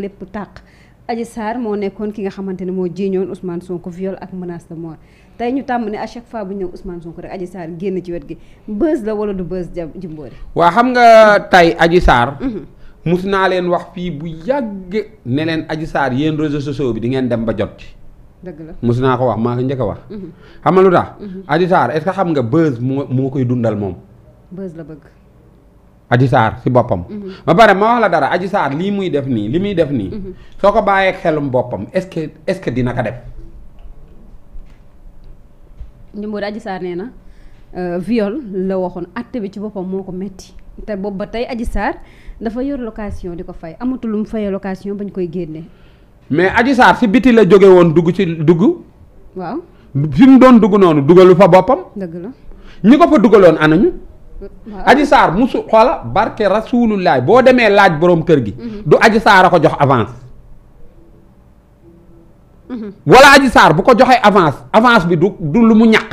lépp tàq Adji Sarr moo nekkoon ki nga xamante ne moo jiiñoon Ousmane Sonko viol ak menace de moo tey ñu tàmm ni à chaque fois bu ñëw usmaan Sonko rek Adji Sarr génn ci wet gi bës la wala du bës jimboori waa xam nga tey Adji Sarr mus mhm. naa leen wax fii bu yàgg ne leen Adji Sarr yéen réseaux sociaux bi di ngeen dem ba jot ci dëgg la mus naa ko wax maa ko njëkk a wax mhm. xam nga lu tax mhm. Adji Sarr xam nga bës moo moo koy dundal moom bës la bëgg Adji Sarr si boppam. Mhm. ba pare ma wax la dara Adji Sarr lii muy def nii li muy def nii. Mhm. soo ko bàyyee xelum boppam est-ce que dina ko def. Ndimbour Adji Sarr nee na euh, viol la waxoon acte bi ci boppam moo ko metti te boobu ba tey Adji Sarr dafa yor location di ko fay amatul lu mu fayee location bañ koy génnee. mais Adji Sarr si biti la jóge woon dugg ci dugg. waaw fi mu doon dugg noonu dugalu fa boppam. dëgg la ñi ko fa dugaloon anañu. aji saar musu xol barke rasulullah boo demee laaj boroom kër gi mhm. du aji saar a ko jox avance mhm. wala aji saar bu ko joxee avance avance bi du du lu mu ñàq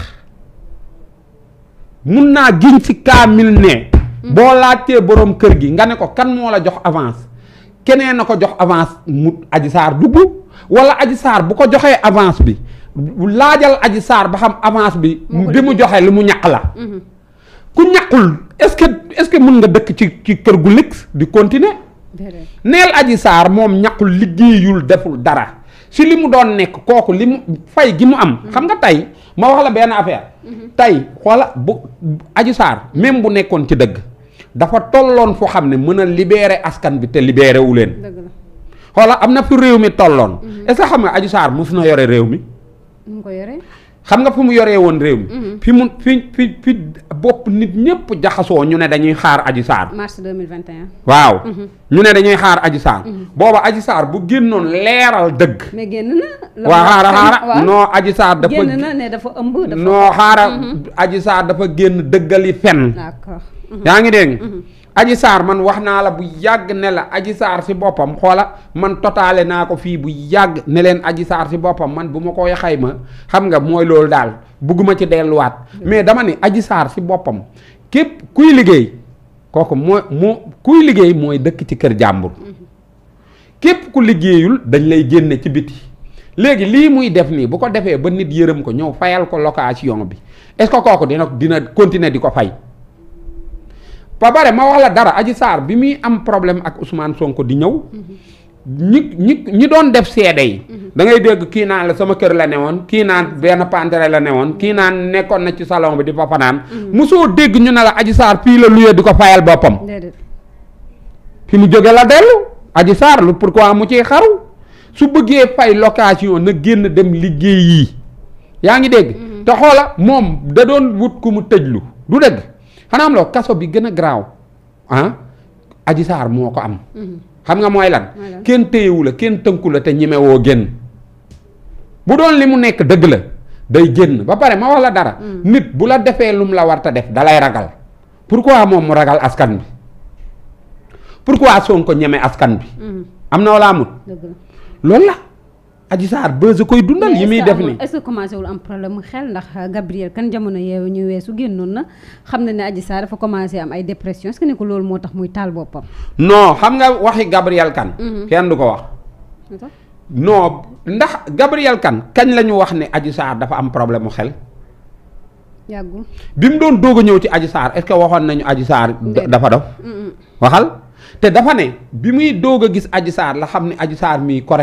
mun naa giñ ci kaamil ne mhm. boo laajtee boroom kër gi nga ne ko kan moo la jox avance keneen a ko jox avance mu aji saar dugg wala aji saar bu ko joxee avance bi laajal aji saar ba xam avance bi bi mu joxe lu mu ñàq la ku ñaqul est-ce que est-ce que mën nga dëkk ci ci kër gu lix di continuer neel aji saar moom ñaqul liggéeyul deful dara si li mu doon nekk kooku li mu fay gi mu am mm-hmm. xam nga tey ma wax la benn affaire mm-hmm. tey xoola bu aji saar même bu nekkoon ci dëgg dafa tolloon fu xam ne mën a libeere askan bi te libéré wu leen xoola am na fi réew mi tolloon mm-hmm. est-ce xam nga aji saar mos na yore réew mi xam nga fi mu yoree woon réew mi. Mm-hmm. fi mu fi fi fi bopp nit ñëpp jaxasoo ñu ne dañuy xaar Adji Sarr. mars 2021. waaw. Mm-hmm. ñu ne dañuy xaar Adji Sarr. Mm-hmm. booba Adji Sarr bu génnoon leeral dëgg. mais génn waaw xaara xaara non Adji dafa génn na ne dafa ëmb. dafa non xaara Adji dafa génn dëggali fen. d'accord yaa ngi dégg. aji saar man wax naa la bu yàgg ne la aji saar si boppam xoola man totaale naa ko fii bu yàgg ne leen aji saar si boppam man bu ma koy xayma xam nga mooy loolu daal bugguma ci delluwaat mais dama ne aji saar si boppam képp kuy liggéey kooku moo mu kuy liggéey mooy dëkk ci kër jàmbur képp ku liggéeyul dañ lay génne ci biti léegi lii muy def nii bu ko defee ba nit yërëm ko ñëw fayal ko location bi est-ce que kooku dina dina continuer di ko fay fa pare ma wax la dara Adji Sarr bi muy am problème ak Ousmane sonk di ñëw. ñi ñi doon def seede yi. Mhm. da ngay dégg kii naan la sama kër la ne woon kii naan benn pantere la ne woon kii naan nekkoon na ci salon bi di fa fanaan. Mhm. mosoo dégg ñu ne la Adji Sarr fii la luyee di ko fayal boppam. fi mu jóge la dellu Adji Sarr lu pourquoi mu ciy xaru su bëggee fay location na génn dem liggéey yi yaa ngi dégg. Mhm. te xoola moom da doon wut ku mu tëjlu du dégg. xanaa am loo kaso bi gën a garaaw ah Adji Sarr moo ko am. Mhm. xam nga mooy lan. kenn téyewu la kenn tënku la te ñemewoo génn. bu doon li mu nekk dëgg la day génn ba pare ma wax la dara. Mhm. nit bu la defee lum la war def dalay ragal. pourquoi moom mu ragal askan bi pourquoi Sonko ñeme askan bi. Mhm. am na wala amut loolu la. Adji Sarr buzz koy dundal yi muy def ni est-ce que am problème mu xel ndax Gabriel kan jamono yeewu ñu weesu génnoon na xam na ne Adji Sarr dafa commencé am ay dépression est ne ko loolu moo tax muy taal boppam. non xam nga waxi Gabriel kan. Mhm. kenn du ko wax. non ndax Gabriel kan kañ la ñu wax ne Adji Sarr dafa am problème mu xel. yàggul bi mu doon doog a ñëw ci Adji Sarr est waxoon nañu Adji Sarr dafa dof waxal. te dafa ne bi muy doog a gis Adji Sarr la xam ne Adji Sarr mii wul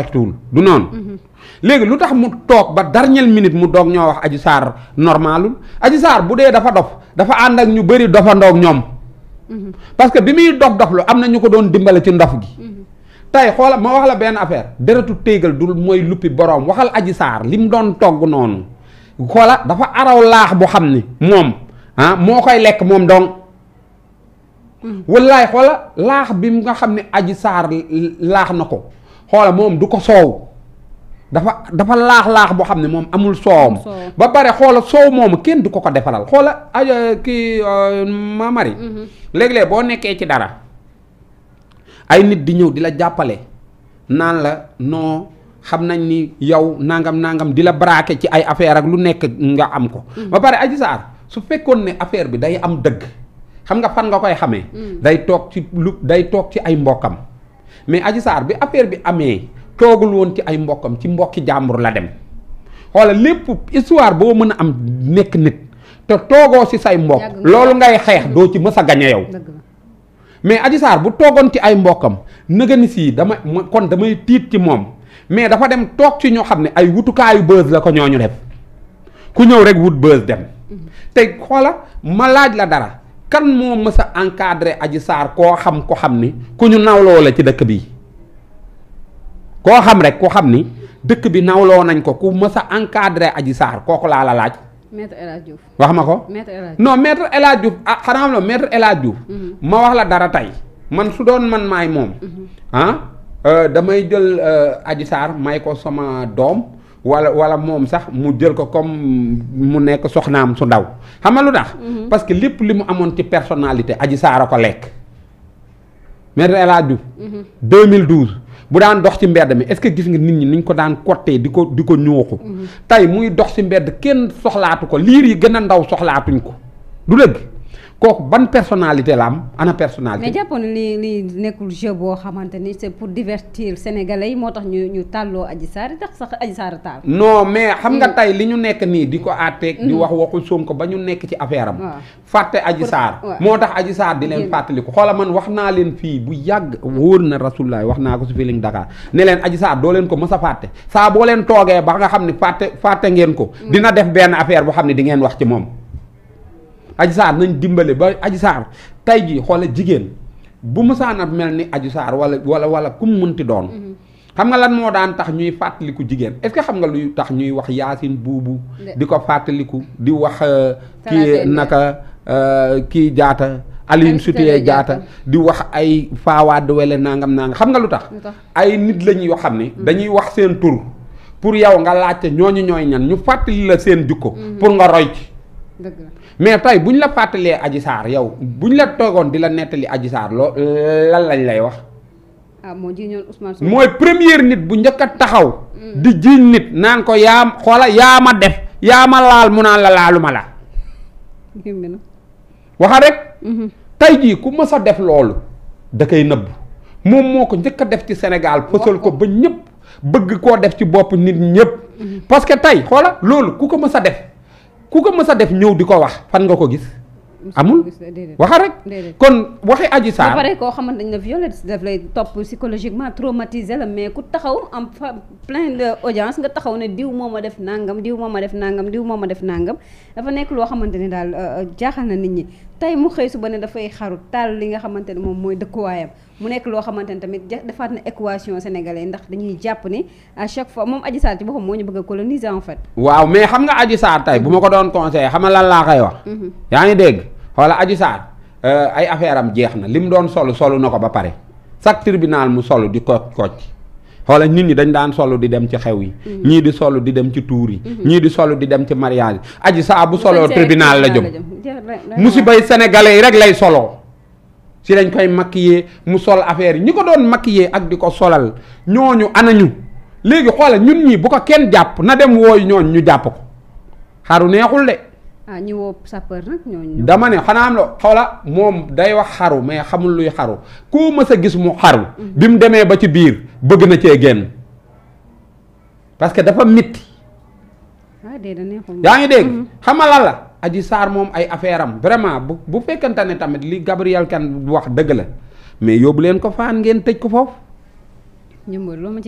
du noonu. Mm-hmm. léegi lu tax mu toog ba dernière minute mu doog ñoo wax Adji Sarr normalul Adji Sarr bu dee dafa dof dafa ànd ak ñu bëri dofandoog ñoom. Mm-hmm. parce que bi muy dof dof lu am na ñu ko doon dimbale ci ndof gi. Mm-hmm. tey xoola ma wax la benn affaire deretu téegal dul mooy luppi boroom waxal Adji Sarr li mu doon togg noonu xoola dafa araw laax bu xam ni moom ah moo koy lekk moom dong. wallaay xoola laax bi mu nga xam ne aji saar laax na ko xoola moom du ko soow dafa dafa laax-laax boo xam ne moom amul soowam ba pare xoola soow moomu kenn du ko ko defaral xoola aja kii euh, ma mari mhm. léeg-léeg boo nekkee ci dara ay nit di ñëw di la jàppale naan la non xam nañ ni yow nangam nangam di la braqué ci ay affaire ak lu nekk nga am ko mhm. ba pare aji saar su fekkoon ne affaire bi day am dëgg xam nga fan nga koy xamee. Hmm. day toog ci lu day toog ci ay mbokkam mais Adji Sarr bi affaire bi amee toogul woon ci ay mbokkam ci mbokki jàmbur la dem xoola lépp histoire boo mën a am nekk nit te toogoo ci say mbokk loolu ngay xeex hmm. doo ci mës a gañe yow mais Adji bu toogoon ci ay mbokkam nëga ni sii dama kon damay tiit ci moom mais dafa dem toog ci ñoo xam ne ay wutukaayu buzz la ko ñooñu def ku ñëw rek wut buzz dem hmm. te xoola ma laaj la dara kan moo mës a encadré Adji Sarr koo xam ko xam ni ku ñu nawloo la ci dëkk bi koo xam rek ku xam ni dëkk bi nawloo nañ ko ku mës a encadré Adji Sarr kooku laa la laaj. wax ma ko. maître El Hadj non ah xanaa xam la maître mm-hmm. ma wax la dara tey man su doon man maay moom. Mm-hmm. Ah, euh, damay jël euh, Adji Sarr may ko sama doom. wala wala moom sax mu jël ko comme mu nekk soxnaam su ndaw xam nga tax. Mhm. parce que lépp li mu amoon ci personnalité aji saara ko lekk. maître El Hadj mhm. mille 2012 bu daan dox ci mbedd mi est-ce que gis nga nit ñi ni ñu ko daan kottee di ko di ko ñooxu mhm. tey muy dox ci mbedd kenn soxlaatu ko liir yi gën a ndaw soxlaatuñ ko du dëgg. kooku ban personnalité la am ana personnalité. mais jàppoon li li nekkul jeu boo xamante ni c'est pour divertir sénégalais yi moo tax ñu ñu tàlloo Adji Sarr tax sax Adji Sarr mais xam nga mm. tey li ñu nekk nii di ko mm. àtteeg. di mm. wax waxu Sonko ba ñu nekk ci affaire am. fàtte Adji Sarr. moo tax Adji Sarr di leen ko xoola man wax naa leen fii bu yàgg wóor na Rasulullah wax naa ko su feeling Dakar ne leen Adji Sarr doo leen ko ma sa fàtte saa boo leen toogee ba nga xam ne fàtte fàtte ngeen ko. dina def benn affaire boo xam ne di wax ci moom. Adji Sarr nañ dimbale ba Adji Sarr tey jii xoolal jigéen bu musaana mel ni Adji Sarr wala wala wala ku mu munti doon. Mm-hmm. xam nga lan moo daan tax ñuy fàttaliku jigéen est-ce que xam nga luy tax ñuy wax yaasin buubu. di ko fàttaliku di wax. Euh, kii naka euh, kii jaata. Alioune Sitoé Diatta di wax ay faawaad wele nangam nangam xam nga lu tax. ay nit la yoo xam ne. Mm-hmm. dañuy wax seen tur pour yow nga laajte ñooñu ñooy ñan ñu fàttali la seen jukko. Mm-hmm. pour nga roy ci. mais tey bu ñu la fàttalee Adji Sarr yow bu ñu la toogoon di la nettali Adji Sarr loo lan lañ lay wax. ah mooy première nit bu njëkk a taxaw. Mm. di jiiñ nit naan ko yaa xoola yaa ma def yaa ma laal mu naan la laaluma la. waxa rek. Mm-hmm. tey jii ku mës a def loolu da koy nëbb moom moo ko njëkk a def ci Sénégal fësal ko ba ñëpp bëgg koo def ci bopp nit ñëpp. Mm-hmm. parce que tey xoola loolu ku ko mës a def. ku ko mës a def ñëw di ko wax fan nga ko gis. amul waxa rek kon waxi Adji Sarr. ba pare koo xamante ne violence daf lay topp psychologiquement traumatisé la mais ku taxaw en plein de audience nga taxaw ne diw moo ma def nangam diw moo ma def nangam diw moo ma def nangam dafa nekk loo xamante ne daal euh, euh, jaaxal na nit ñi tey mu xëy ba ne dafay xaru taal li nga xamante ne moom mooy dëkkuwaayam. mu nekk loo xamante ne tamit defaat na équation sénégalais ndax dañuy jàpp ni à chaque fois moom Adji Sarr ci boppam moo ñu bëgg a coloniser en fait. waaw mais xam nga Adji Sarr bu ma ko doon conseillé xam nga lan laa koy wax. Mm-hmm. yaa ngi dégg xoola Adji Sarr euh, ay affaire am jeex na li mu doon solu solu na ko ba pare chaque tribunal mu solu di ko kocc xoola nit ñi dañ daan solo di dem ci xew yi mm-hmm. ñii di solo di dem ci tuur yi mm-hmm. ñii di solo di dem ci mariage aji saa bu soloo tribunal la jëm musibay sénégalais yi rek lay solo ci lañ koy maquiller mu sol affaire yi ñi ko doon maquiller ak di ko solal ñooñu anañu léegi xoolal ñun ñii bu ko kenn jàpp na dem wooyu ñooñu ñu jàpp ko xaru neexul de. ah ñi woo dama ne xanaa am la xoola moom day wax xaru mais xamul luy xaru koo mës gis mu xaru. Mm-hmm. bi mu demee ba ci biir bëgg na cee génn parce que dafa mitti. Ah, yaa ngi dégg mm-hmm. xamalala la. Adji Sarr moom ay affaire am vraiment bu bu fekkante ne tamit li Gabriel Kane wax dëgg la mais yóbbu leen ko faan ngeen tëj ko foofu.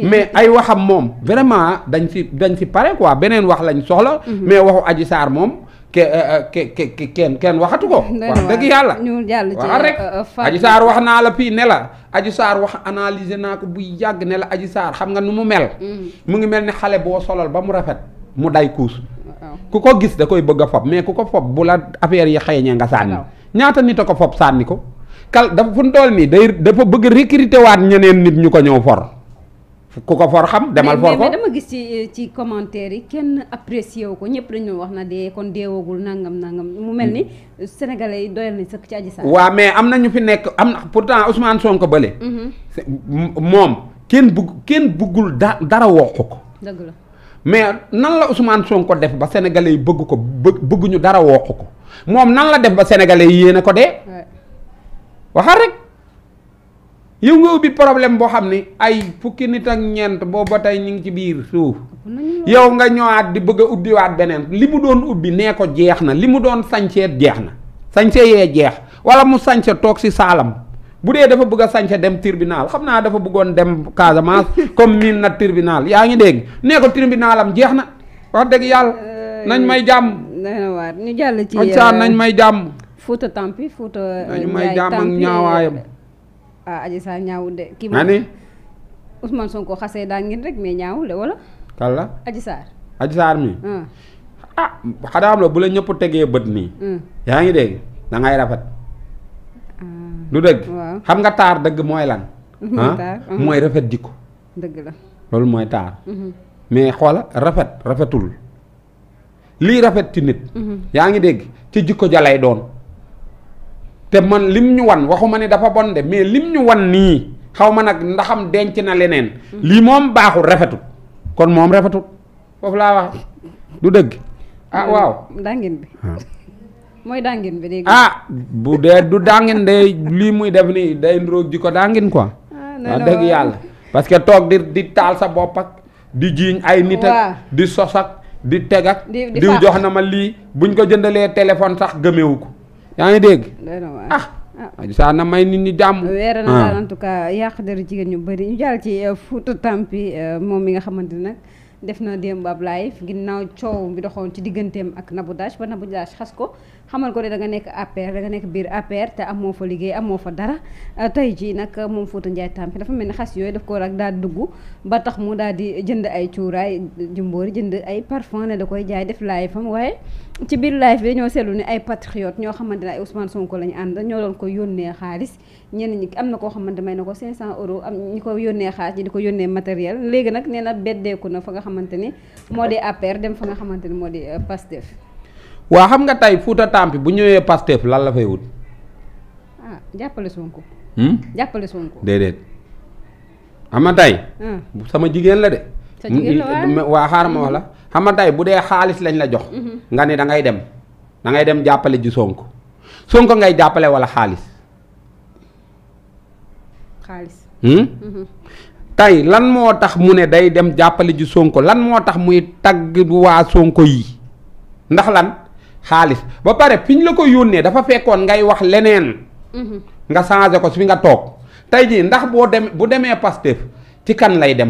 mais ay waxam moom vraiment dañ si dañ si pare quoi beneen wax lañ soxla. Mhm. mais waxu Adji Sarr moom. ke euh, euh, ke kenn kenn waxatu ko. wax dëgg yàlla ñu jàll ci rek euh, Adji wax naa la fii ne la. Adji Sarr wax analyser naa ko bu yàgg ne la Adji Sarr xam nga nu mu mel. Mhm. mu ngi mel ni xale boo solal ba mu rafet mu day kuus. ku ko gis da koy bëgg a mais ku ko fob bu la affaire yi xëyñee nga sànni ñaata nit a ko fob sànni ko kal dafa fu ndool nii day dafa bëgg recruter waat ñeneen nit ñu ko ñëw for ku ko for xam demal for mais gis ci ci commentaire yi kenn apprécié wu ko ñëpp dañu wax na dee kon deewagul nangam nangam mu mel ni sénégalais yi doyal nañ sëkk ci Adji Sarr waaw mais am na ñu fi nekk am na pourtant Ousmane ko bële mhm. moom kenn bugg kenn buggul da dara waxu ko mais nan la Ousmane ko def ba sénégalais yi bëgg ko bëgguñu dara wooq ko moom nan la def ba sénégalais yi yéene ko dee. waxal rek yow nga ubbi problème boo xam ni ay fukki nit ak ñeent booba tey ñu ngi ci biir suuf. yow nga ñëwaat di bëgg a ubbiwaat beneen li mu doon ubbi nee ko jeex na li mu doon sañcee jeex na sañce yee jeex wala mu sañce toog si saalam. bu dee dafa bëgg a sànca dem tribunal xam naa dafa bëggoon dem Casamance comme miin na tribunal yaa ngi dégg nee ko tribunal jeex na wax dëgg yàlla euh, nañ may jàmm. ñu nañ may jàmm. Fouta Tampi Fouta. Euh, nañ may jàmm ak ñaawaayam. Euh, ah Adji Sarr ñaawul de. kii moom Ousmane Sonko wala. kàlla Adji Sarr. Adji Sarr mi. ah, ah xanaa am la bu la ñëpp tegee bët nii. Hmm. yaa ngi dégg dangay ngay rafet. du dëgg xam nga taar dëgg mooy lan ah? mooy rafet jikko dëgg la loolu mooy taar mhm. mais xoola rafet rafetul lii rafet ci nit mhm. yaa ngi dégg ci jikko jalay doon te man lim ñu wan waxuma ne dafa bon de mais lim ñu wan nii xaw ma nag ndaxam denc na leneen mhm. lii moom baaxul rafetul kon moom rafetul foofu laa wax du dëgg ah waaw dangeen bi ah. mooy dàngin bi dégg ah bu dee du dàngin day lii muy def nii day niroog ji ko dàngin quoi. Ah, wax dëgg yàlla parce que toog di di taal sa bopp di jiiñ ay nit ak di sos ak di teg ak diw jox na ma lii buñ ko jëndalee téléphone sax gëmewu ko yaa ngi dégg ah, ah. saa na may nit ñi jàmm weer na ah. en tout cas yàq deru jigéen ñu bëri ñu jàll ci euh, Fouta Tampi euh, moom mi nga xamante nag def na démb ab live ginnaaw coow bi doxoon ci digganteem ak Nabou Dash ba Nabou Dash xas ko xamal ko ne da nga nekk APR da nekk biir APR te amoo fa liggéey amoo fa dara euh, tey jii nag moom Fouta Ndiaye Tampi dafa mel ni xas yooyu daf ko rek daal dugg ba tax mu daal di jënd ay cuuraay jumboori jënd ay parfum ne da koy jaay def live am waaye ci biir live bi ñoo seetlu ne ay patriote ñoo xamante ne ay Ousmane Sonko lañu ànd ñoo doon ko yónnee xaalis ñenn ñi na koo xamante may na ko 500 euros am ñi ko yónnee ko yónnee matériel léegi nag nee na na xamante ni moo di dem fa nga xamante ni moo di euh, Pastef. waa xam tey Fouta Tampi bu ñëwee Pastef lan la fay wut. ah jàppale Sonko. Hmm? jàppale Sonko. Ah. sama jigéen la de. waa xaaral ma wax la mm-hmm. xam bu dee xaalis lañ la jox. Mm-hmm. nga ne da dem dangay dem jàppale ji sonk Sonko ngay jàppale wala xaalis. xaalis. Hmm? Mm-hmm. tay lan moo tax mu ne day dem jàppale ju Sonko lan moo tax muy tagg waa Sonko yi ndax lan xaalis ba pare fi ñu la ko yónnee dafa fekkoon ngay wax leneen. Mm-hmm. nga changé ko fi nga toog tey jii ndax boo dem bu demee Pastef ci kan lay dem.